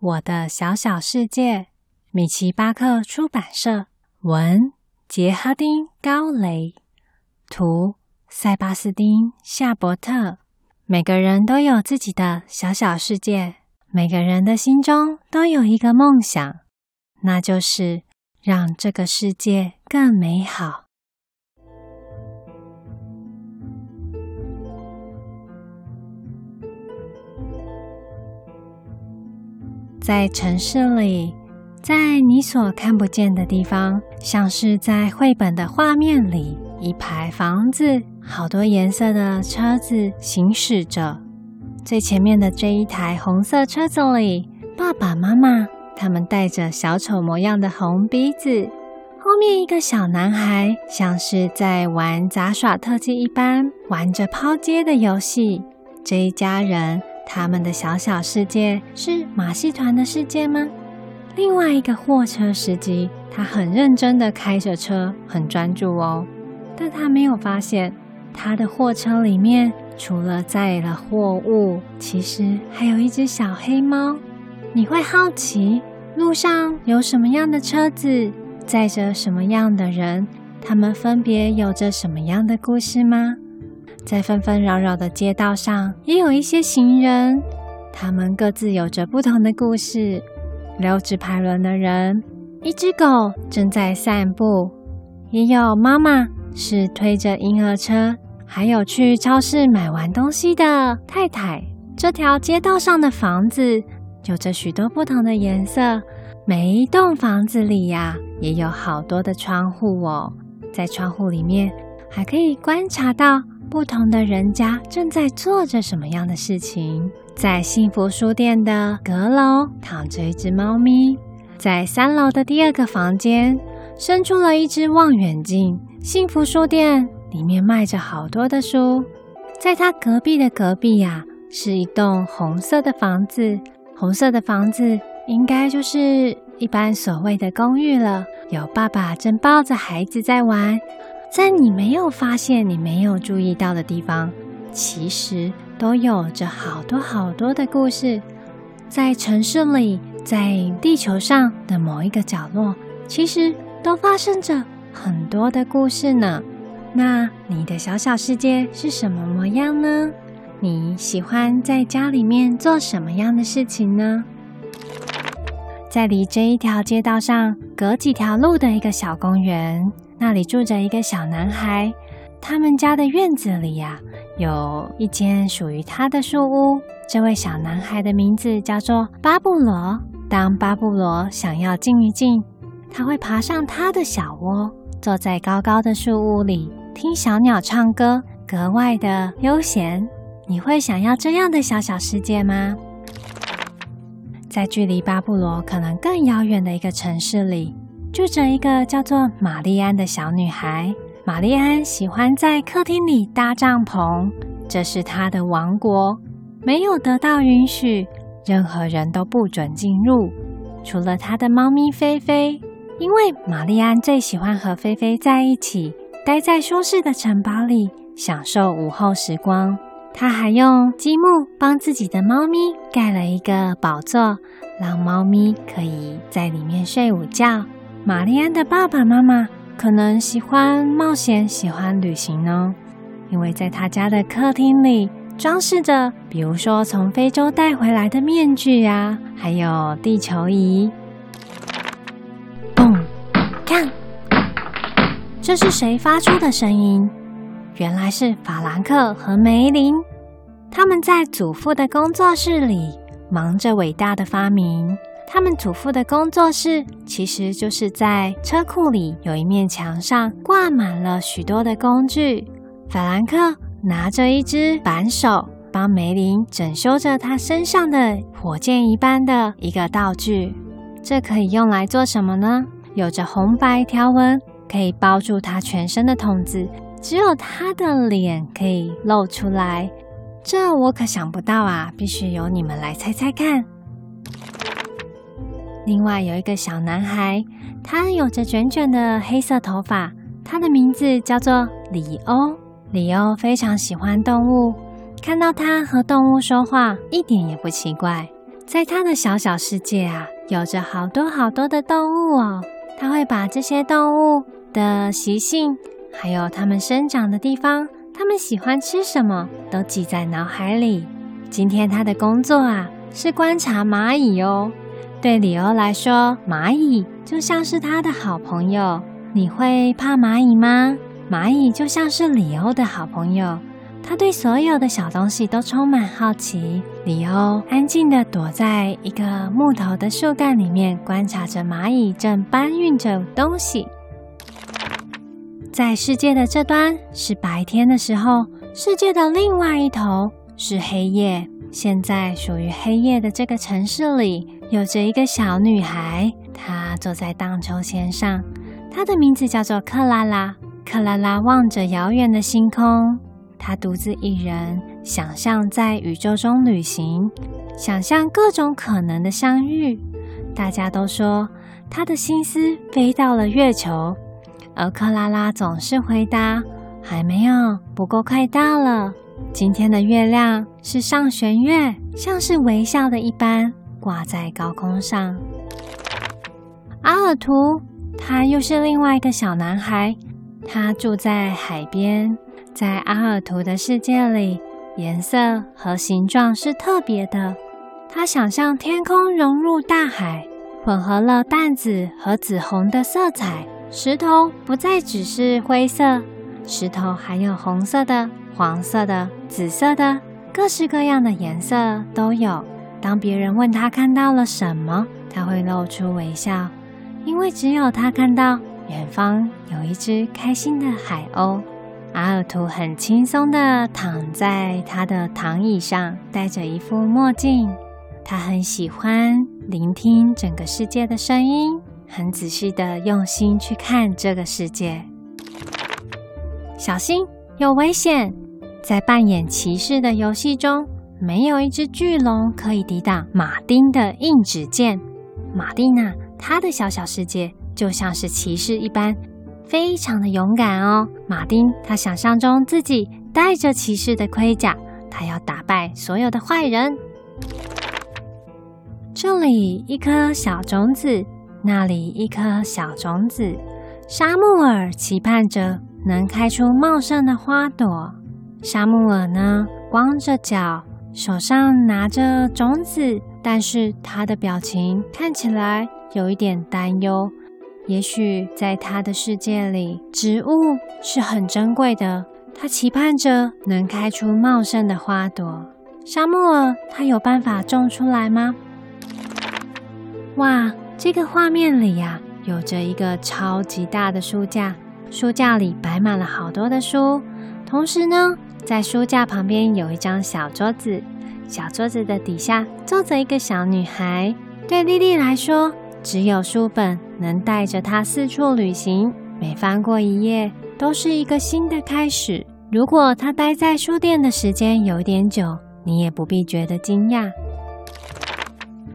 我的小小世界，米奇巴克出版社，文潔哈汀高蕾，圖賽巴斯汀夏伯特。每個人都有自己的小小世界，每個人的心中都有一個夢想，那就是讓這個世界更美好。在城市裡，在你所看不見的地方，像是在繪本的畫面裡，一排房子，好多顏色的車子行駛着。最前面的這一台紅色車子裡，爸爸媽媽，他們戴著小丑模樣的紅鼻子，後面一個小男孩，像是在玩雜耍特技一般，玩着拋接的遊戲。這一家人。他們的小小世界是馬戲團的世界嗎？另外一個貨車司機，他很認真地開着車，很專注哦。但他沒有發現，他的貨車裡面除了載了貨物，其實還有一隻小黑貓。你會好奇，路上有什麼樣的車子，載着什麼樣的人，他們分別有着什麼樣的故事嗎？在紛紛擾擾的街道上，也有一些行人，他們各自有着不同的故事。溜直排輪的人，一只狗正在散步，也有媽媽是推着嬰兒車，還有去超市買完東西的太太。這條街道上的房子有着許多不同的顏色，每一棟房子裡呀、啊，也有好多的窗戶哦，在窗戶裡面還可以觀察到。不同的人家正在做着什麼樣的事情？在幸福書店的閣樓躺着一只貓咪，在三樓的第二個房間伸出了一只望遠鏡。幸福書店裡面賣着好多的書，在它隔壁的隔壁呀，是一棟紅色的房子。紅色的房子應該就是一般所謂的公寓了。有爸爸正抱着孩子在玩。在你沒有發現、你沒有注意到的地方，其實都有着好多好多的故事。在城市裡，在地球上的某一個角落，其實都發生着很多的故事呢。那你的小小世界是什麼模樣呢？你喜歡在家裡面做什麼樣的事情呢？在離這一條街道上隔幾條路的一個小公園，那裡住着一個小男孩，他們家的院子裡呀、啊，有一間屬於他的樹屋。這位小男孩的名字叫做巴布羅。當巴布羅想要靜一靜，他會爬上他的小窩，坐在高高的樹屋裡，聽小鳥唱歌，格外的悠閒。你會想要這樣的小小世界嗎？在距離巴布羅可能更遙遠的一個城市裡。住着一個叫做瑪麗安的小女孩。瑪麗安喜歡在客廳裡搭帳篷，這是她的王國，沒有得到允許，任何人都不准進入，除了她的貓咪菲菲。因為瑪麗安最喜歡和菲菲在一起，待在舒適的城堡裡，享受午後時光。她還用積木幫自己的貓咪蓋了一個寶座，讓貓咪可以在裡面睡午覺。瑪麗安的爸爸媽媽可能喜歡冒險，喜歡旅行呢，哦，因為在他家的客廳裡裝飾着，比如說從非洲帶回來的面具啊，還有地球儀。砰！看，這是誰發出的聲音？原來是法蘭克和梅林，他們在祖父的工作室裡忙着偉大的發明。他們祖父的工作室其實就是在車庫裡，有一面牆上掛滿了許多的工具。法蘭克拿着一只扳手，幫梅林整修着他身上的火箭一般的一個道具。這可以用來做什麼呢？有着紅白條紋，可以包住他全身的筒子，只有他的臉可以露出來。這我可想不到啊！必須由你們來猜猜看。另外有一個小男孩，他有着捲捲的黑色頭髮，他的名字叫做里歐。里歐非常喜歡動物，看到他和動物說話，一點也不奇怪。在他的小小世界啊，有着好多好多的動物哦。他會把這些動物的習性，還有它們生長的地方，它們喜歡吃什麼，都記在腦海裡。今天他的工作啊，是觀察螞蟻哦。對里歐來說，螞蟻就像是他的好朋友。你會怕螞蟻嗎？螞蟻就像是里歐的好朋友。他對所有的小東西都充滿好奇。里歐安靜地躲在一個木頭的樹幹裡面，觀察着螞蟻正搬運着東西。在世界的這端，是白天的時候，世界的另外一頭是黑夜。現在屬於黑夜的這個城市裡。有着一個小女孩，她坐在荡秋千上。她的名字叫做克拉拉。克拉拉望着遙遠的星空，她獨自一人，想象在宇宙中旅行，想象各種可能的相遇。大家都說她的心思飛到了月球，而克拉拉總是回答：“還沒有，不過快到了。”今天的月亮是上弦月，像是微笑的一般。掛在高空上。阿爾圖，他又是另外一個小男孩。他住在海邊，在阿爾圖的世界裡，顏色和形狀是特別的。他想象天空融入大海，混合了淡紫和紫紅的色彩。石頭不再只是灰色，石頭還有紅色的、黃色的、紫色的，各式各樣的顏色都有。當別人問他看到了什麼，他會露出微笑，因為只有他看到遠方有一隻開心的海鷗。阿爾圖很輕鬆的躺在他的躺椅上，戴着一副墨鏡。他很喜歡聆聽整個世界的聲音，很仔細的用心去看這個世界。小心，有危險！在扮演騎士的遊戲中，沒有一隻巨龍可以抵擋馬丁的硬紙劍。馬丁呢、啊，他的小小世界就像是騎士一般，非常的勇敢哦。馬丁，他想象中自己帶着騎士的盔甲，他要打敗所有的壞人。這裡一顆小種子，那裡一顆小種子，沙穆爾期盼着能開出茂盛的花朵。沙穆爾呢，光着腳。手上拿着種子，但是他的表情看起來有一點擔憂。也許在他的世界裡，植物是很珍貴的，他期盼着能開出茂盛的花朵。沙漠，它有辦法種出來嗎？哇，這個畫面裡呀、啊，有着一個超級大的書架，書架裡擺滿了好多的書。同時呢。在書架旁邊有一張小桌子，小桌子的底下坐着一個小女孩。對莉莉來說，只有書本能帶着她四處旅行，每翻過一頁都是一個新的開始。如果她待在書店的時間有點久，你也不必覺得驚訝。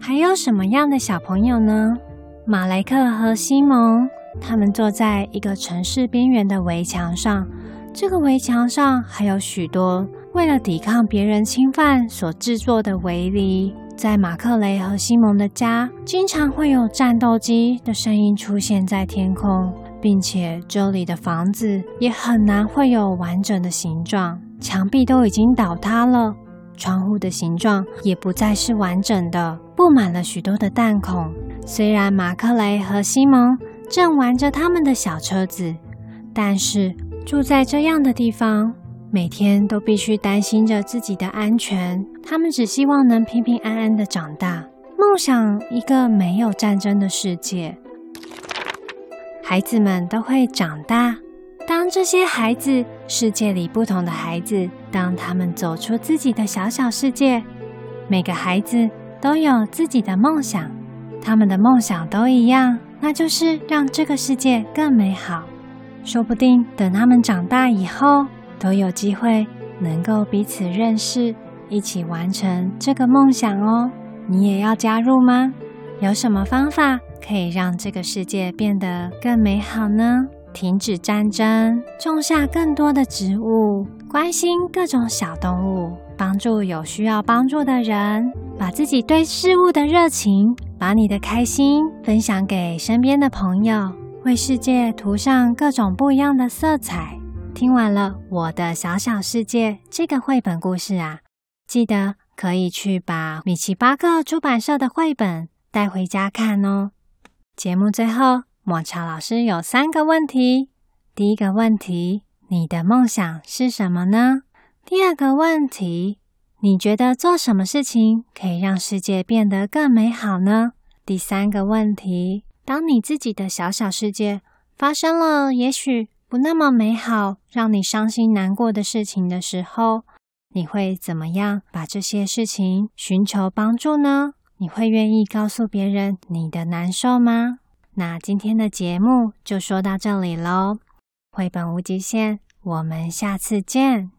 還有什麼樣的小朋友呢？馬萊克和西蒙，他們坐在一個城市邊緣的圍牆上。這個圍牆上還有許多為了抵抗別人侵犯所制作的圍籬。在馬克雷和西蒙的家，經常會有戰鬥機的聲音出現在天空，並且這裡的房子也很難會有完整的形狀，牆壁都已經倒塌了，窗戶的形狀也不再是完整的，布滿了許多的彈孔。雖然馬克雷和西蒙正玩着他們的小車子，但是……住在這樣的地方，每天都必須擔心着自己的安全。他們只希望能平平安安地長大，夢想一個沒有戰爭的世界。孩子們都會長大。當這些孩子，世界裡不同的孩子，當他們走出自己的小小世界，每個孩子都有自己的夢想。他們的夢想都一樣，那就是讓這個世界更美好。說不定等他們長大以後，都有機會能夠彼此認識，一起完成這個夢想哦。你也要加入嗎？有什麼方法可以讓這個世界變得更美好呢？停止戰爭，種下更多的植物，關心各種小動物，幫助有需要幫助的人，把自己對事物的熱情，把你的開心分享給身邊的朋友。為世界塗上各種不一樣的色彩。聽完了《我的小小世界》這個繪本故事啊，記得可以去把米奇巴克出版社的繪本帶回家看哦。節目最後，抹茶老師有三個問題：第一個問題，你的夢想是什麼呢？第二個問題，你覺得做什麼事情可以讓世界變得更美好呢？第三個問題，當你自己的小小世界發生了也許不那麼美好，讓你傷心難過的事情的時候，你會怎麼樣把這些事情尋求幫助呢？你會願意告訴別人你的難受嗎？那今天的節目就說到這裡嘍。繪本無極限，我們下次見。